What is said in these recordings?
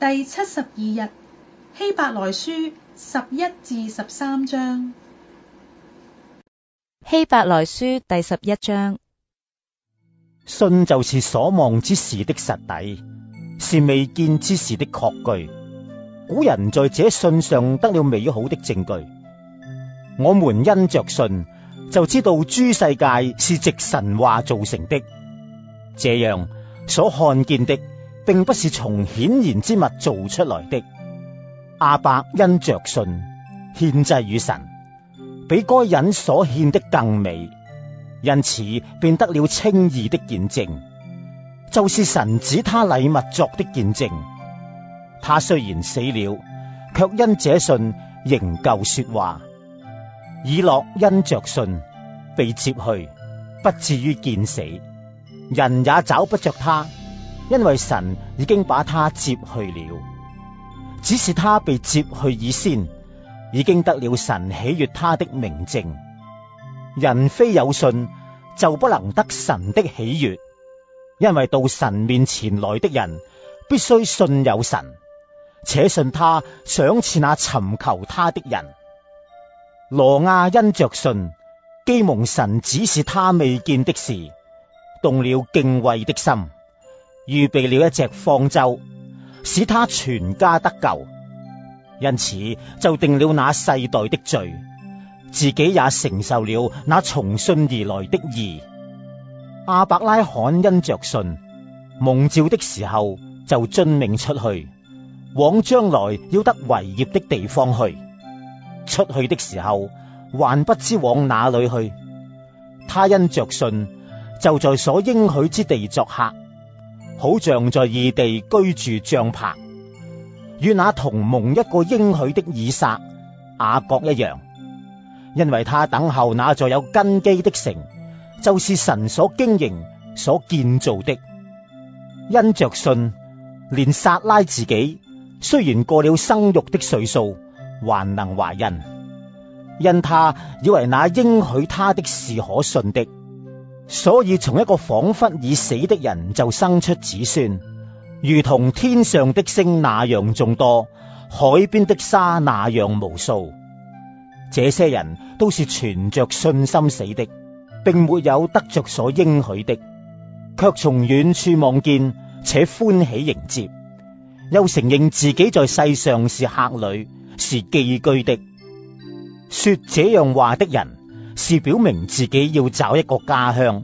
第七十二日希伯來書十一至十三章。希伯來書第十一章，信就是所望之事的實底，是未見之事的確據。古人在這信上得了美好的證據。我們因着信，就知道諸世界是藉神話造成的。這樣所看見的。並不是從顯然之物做出來的。阿伯因着信獻祭與神，比該人所獻的更美，因此便得了稱義的見證，就是神指他禮物作的見證。他雖然死了，卻因這信仍舊說話。以諾因着信被接去，不至於見死，人也找不着他。因為神已經把他接去了，只是他被接去以先，已經得了神喜悅他的明證。人非有信，就不能得神的喜悅。因為到神面前來的人，必須信有神，且信他賞賜那尋求他的人。羅亞因着信，基蒙神指示他未見的事，動了敬畏的心。預備了一隻方舟，使他全家得救。因此就定了那世代的罪，自己也承受了那從信而來的義。亞伯拉罕因着信，蒙召的時候就遵命出去，往將來要得為業的地方去。出去的時候還不知往哪裏去，他因着信就在所應許之地作客。好像在異地居住帳棚，與那同蒙一個應許的以撒、雅各一樣，因為他等候那座有根基的城，就是神所經營、所建造的。因着信，連撒拉自己雖然過了生育的歲數，還能懷孕，因他以為那應許他的是可信的。所以從一個仿佛已死的人就生出子孫，如同天上的星那樣眾多，海邊的沙那樣無數。這些人都是存着信心死的，並沒有得着所應許的，卻從遠處望見，且歡喜迎接，又承認自己在世上是客旅，是寄居的。說這樣話的人。是表明自己要找一個家鄉。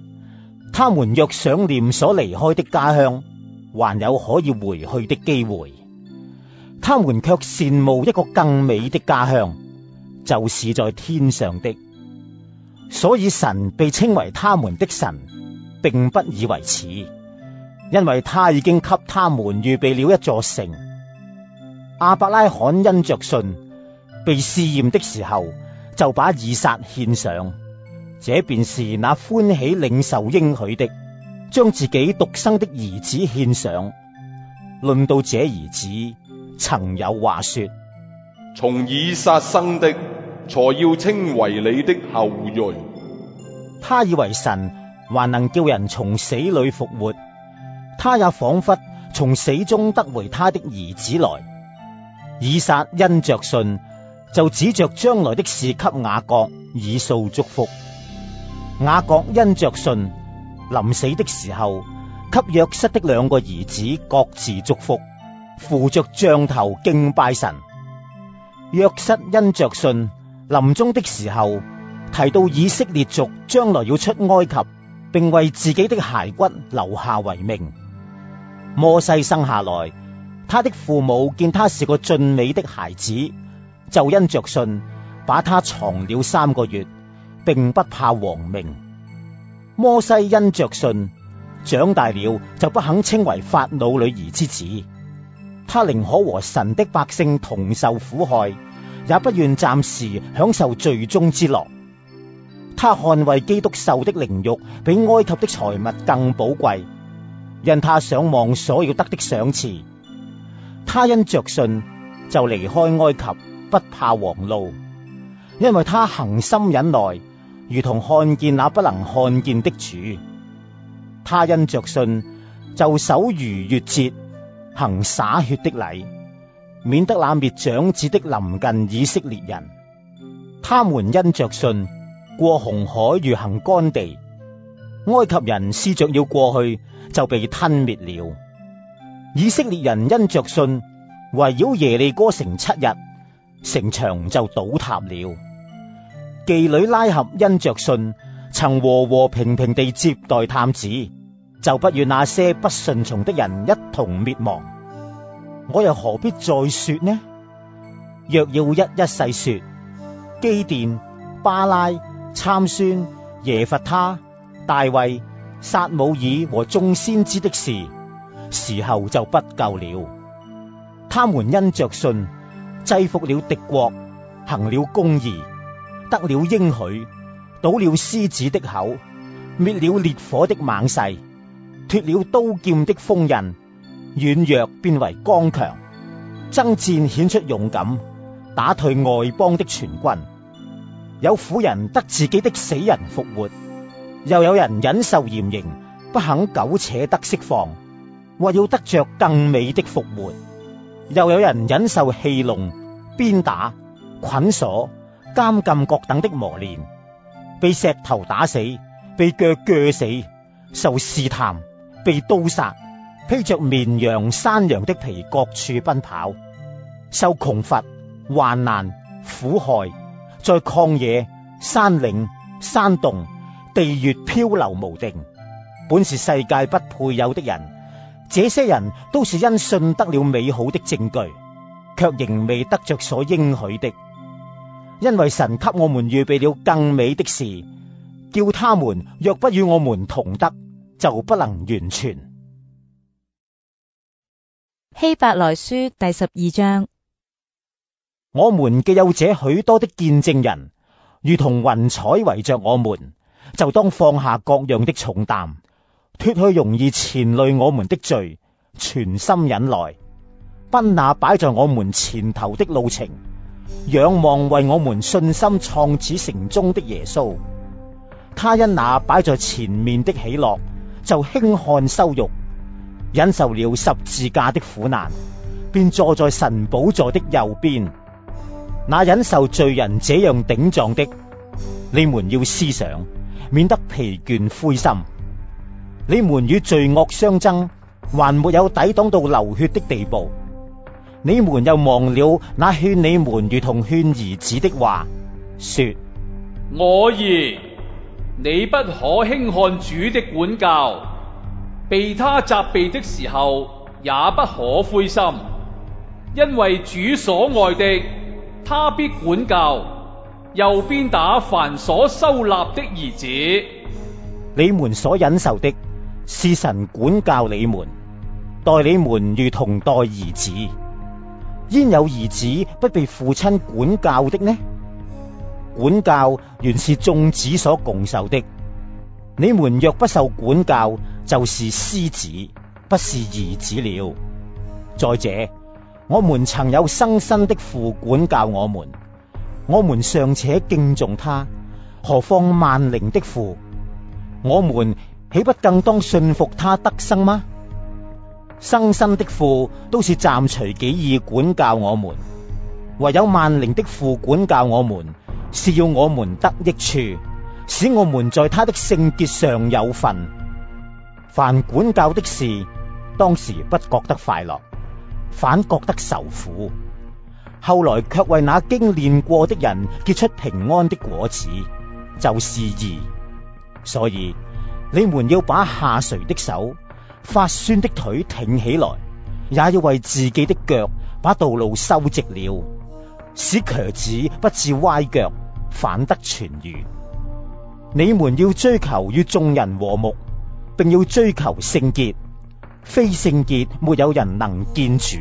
他們若想念所離開的家鄉，還有可以回去的機會。他們卻羨慕一個更美的家鄉，就是在天上的。所以神被稱為他們的神，並不以為恥，因為他已經給他們預備了一座城。亞伯拉罕因着信被試驗的時候。就把以撒獻上，這便是那歡喜領受應許的，將自己獨生的兒子獻上。論到這兒子，曾有話說：從以撒生的，才要稱為你的後裔。他以為神還能叫人從死裏復活，他也仿佛從死中得回他的兒子來。以撒因着信。就指着將來的事給雅各以掃祝福。雅各因着信，臨死的時候，給約瑟的兩個兒子各自祝福，扶着杖頭敬拜神。約瑟因着信，臨終的時候，提到以色列族將來要出埃及，並為自己的骸骨留下遺命。摩西生下來，他的父母見他是個俊美的孩子。就因着信，把他藏了三個月，並不怕王命。摩西因着信長大了，就不肯稱為法老女兒之子。他寧可和神的百姓同受苦害，也不願暫時享受罪中之樂。他捍衛基督受的凌辱比埃及的財物更寶貴。因他想望所要得的賞賜，他因着信就離開埃及。不怕黃路，因為他恒心忍耐，如同看見那不能看見的主。他因着信，就守逾越節，行灑血的禮，免得那滅長子的臨近以色列人。他們因着信過紅海如行乾地，埃及人試着要過去就被吞滅了。以色列人因着信，圍繞耶利哥城七日。城牆就倒塌了。妓女拉合因着信，曾和和平平地接待探子，就不與那些不順從的人一同滅亡。我又何必再說呢？若要一一細說，基甸、巴拉、參孫、耶弗他、大衛、撒母耳和眾先知的事，時候就不夠了。他們因着信。制服了敵國，行了公義，得了應許，倒了獅子的口，滅了烈火的猛勢，脱了刀劍的鋒刃，軟弱變為剛強，爭戰顯出勇敢，打退外邦的全軍。有婦人得自己的死人復活，又有人忍受嚴刑，不肯苟且得釋放，或要得着更美的復活。又有人忍受戲弄、鞭打、捆鎖、監禁各等的磨練，被石頭打死，被鋸鋸死，受試探，被刀殺，披着綿羊、山羊的皮各處奔跑，受窮乏、患難、苦害，在曠野、山嶺、山洞、地穴漂流無定，本是世界不配有的人。這些人都是因信得了美好的證據，却仍未得着所應許的，因為神給我們預備了更美的事，叫他們若不與我們同得，就不能完全。希伯來書第十二章，我們既有這許多的見證人，如同雲彩圍着我們，就當放下各樣的重擔。脫去容易纏累我們的罪，全心忍耐，奔那擺在我們前頭的路程，仰望為我們信心創始成終的耶穌。他因那擺在前面的喜樂，就輕看羞辱，忍受了十字架的苦難，便坐在神寶座的右邊。那忍受罪人這樣頂撞的，你們要思想，免得疲倦灰心。你們與罪惡相爭，還沒有抵擋到流血的地步。你們又忘了那勸你們如同勸兒子的話，說：我兒，你不可輕看主的管教，被他責備的時候，也不可灰心，因為主所愛的，他必管教；又鞭打凡所收納的兒子，你們所忍受的。是神管教你們，待你們如同待兒子，焉有兒子不被父親管教的呢？管教原是眾子所共受的，你們若不受管教，就是私子，不是兒子了。再者，我們曾有生身的父管教我們，我們尚且敬重他，何況萬靈的父？我們。豈不更當信服他得生嗎？生身的父都是暫隨己意管教我們，唯有萬靈的父管教我們，是要我們得益處，使我們在他的聖潔上有份。凡管教的事，當時不覺得快樂，反覺得受苦；後來卻為那經練過的人結出平安的果子，就是義。所以。你們要把下垂的手、發酸的腿挺起來，也要為自己的腳把道路修直了，使瘸子不致歪腳，反得痊癒。你們要追求與眾人和睦，並要追求聖潔，非聖潔沒有人能見主。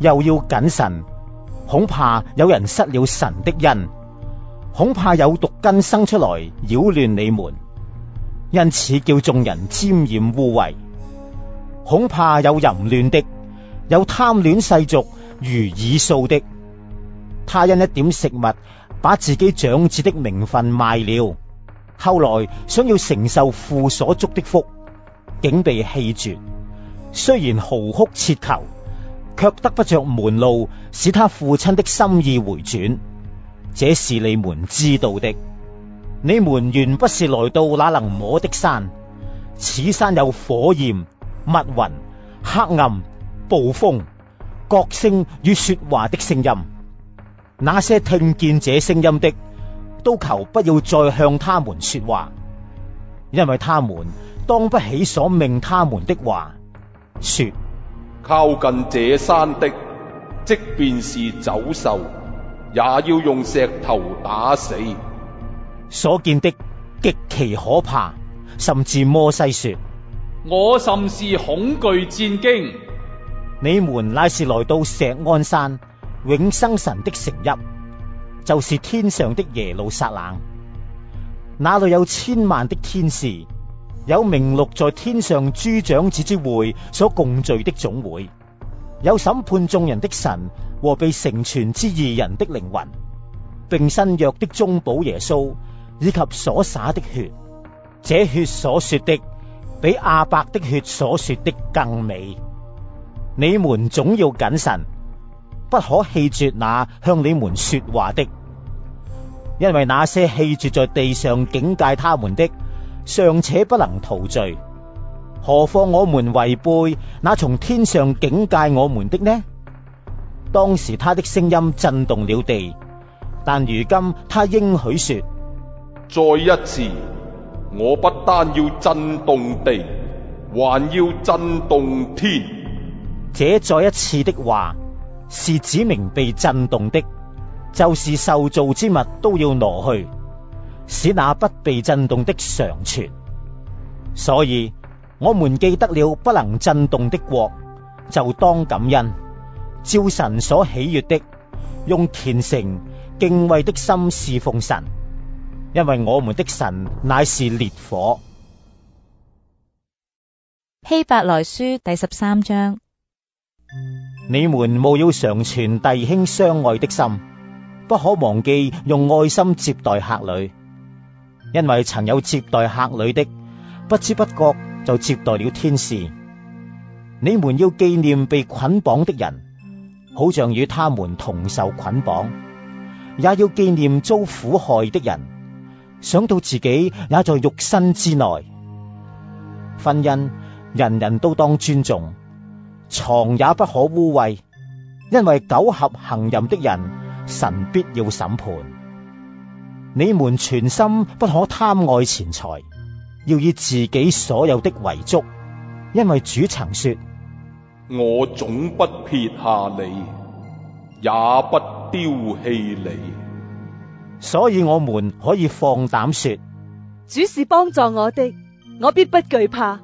又要謹慎，恐怕有人失了神的恩，恐怕有毒根生出來擾亂你們。因此叫眾人沾染污穢，恐怕有淫亂的，有貪戀世俗如以掃的。他因一點食物，把自己長子的名分賣了，後來想要承受父所祝的福，竟被棄絕。雖然嚎哭切求，卻得不着門路，使他父親的心意回轉。這是你們知道的。你們原不是來到那能摸的山，此山有火焰、密雲、黑暗、暴風、角聲與說話的聲音。那些聽見這聲音的，都求不要再向他們說話，因為他們當不起所命他們的話，說：靠近這山的，即便是走獸，也要用石頭打死。所見的極其可怕，甚至摩西說：我甚是恐懼戰驚。你們乃是來到錫安山，永生神的城邑，就是天上的耶路撒冷。那裏有千萬的天使，有名錄在天上諸長子之會所共聚的總會，有審判眾人的神和被成全之義人的靈魂，並新約的中保耶穌。以及所灑的血，這血所說的比亞伯的血所說的更美。你們總要謹慎，不可棄絕那向你們說話的，因為那些棄絕在地上警戒他們的，尚且不能逃罪，何況我們違背那從天上警戒我們的呢？當時他的聲音震動了地，但如今他應許說。再一次，我不單要震動地，還要震動天。這再一次的話，是指明被震動的，就是受造之物都要挪去，使那不被震動的常存。所以，我們記得了不能震動的國，就當感恩，照神所喜悅的，用虔誠敬畏的心侍奉神。因為我們的神乃是烈火。希伯來書第十三章：你們務要常存弟兄相愛的心，不可忘記用愛心接待客旅。因為曾有接待客旅的，不知不覺就接待了天使。你們要紀念被捆綁的人，好像與他們同受捆綁；也要紀念遭苦害的人。想到自己也在肉身之內，婚姻人，人人都當尊重，床也不可污穢，因為苟合行淫的人，神必要審判。你們全心不可貪愛錢財，要以自己所有的為足，因為主曾說：我總不撇下你，也不丟棄你。所以我們可以放膽說，主是幫助我的，我必不懼怕。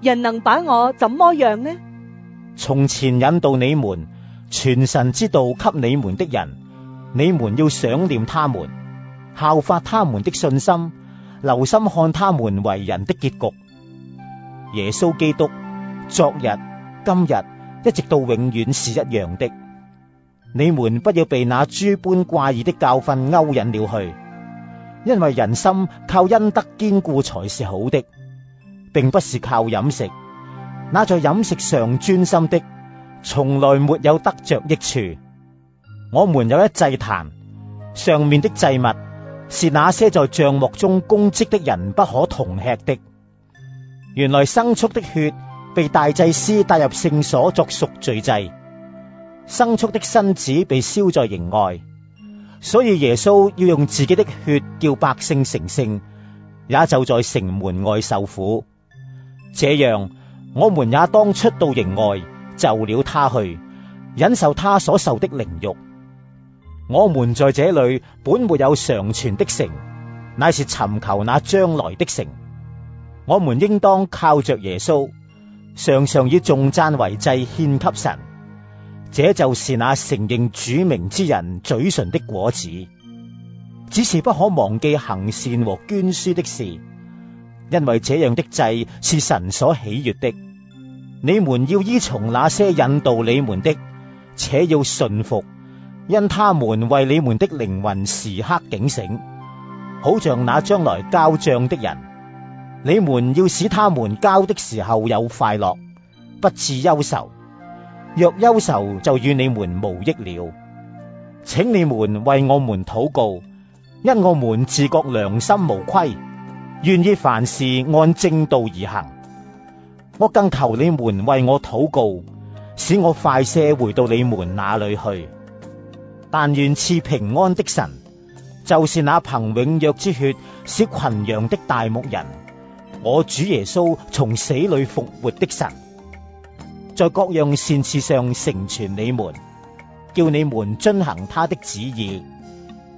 人能把我怎麼樣呢？從前引導你們傳神之道給你們的人，你們要想念他們，效法他們的信心，留心看他們為人的結局。耶穌基督，昨日、今日，一直到永遠是一樣的。你們不要被那諸般怪異的教訓勾引了去，因為人心靠恩德堅固才是好的，並不是靠飲食。那在飲食上專心的，從來沒有得着益處。我們有一祭壇，上面的祭物是那些在帳幕中供職的人不可同吃的。原來牲畜的血被大祭司帶入聖所作贖罪祭。生畜的身子被燒在營外，所以耶穌要用自己的血叫百姓成聖，也就在城門外受苦。這樣，我們也當出到營外，就了他去，忍受他所受的凌辱。我們在這裏本沒有常存的城，乃是尋求那將來的城。我們應當靠着耶穌，常常以頌讚為祭獻給神。這就是那承認主名之人嘴唇的果子。只是不可忘記行善和捐輸的事，因為這樣的祭是神所喜悦的。你們要依從那些引導你們的，且要順服，因他們為你們的靈魂時刻警醒，好像那將來交賬的人。你們要使他們交的時候有快樂，不至憂愁。若憂愁就與你們無益了，請你們為我們禱告，因我們自覺良心無虧，願意凡事按正道而行。我更求你們為我禱告，使我快些回到你們那裏去。但願賜平安的神，就是那憑永約之血使群羊的大牧人，我主耶穌從死裏復活的神。在各樣善事上成全你們，叫你們遵行他的旨意，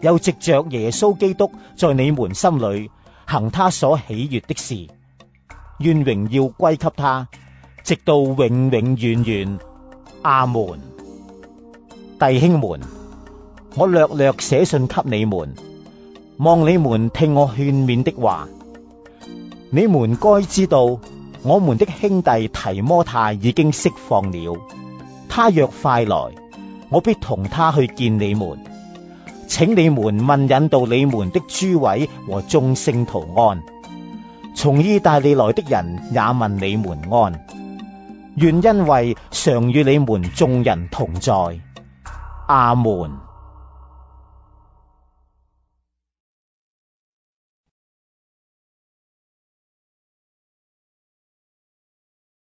又藉着耶穌基督在你們心裏行他所喜悅的事，願榮耀歸給他，直到永永遠遠。阿門。弟兄們，我略略寫信給你們，望你們聽我勸勉的話，你們該知道。我們的兄弟提摩太已經釋放了，他若快來，我必同他去見你們。請你們問引導你們的諸位和眾聖徒安。從意大利來的人也問你們安，願恩惠常與你們眾人同在。阿門。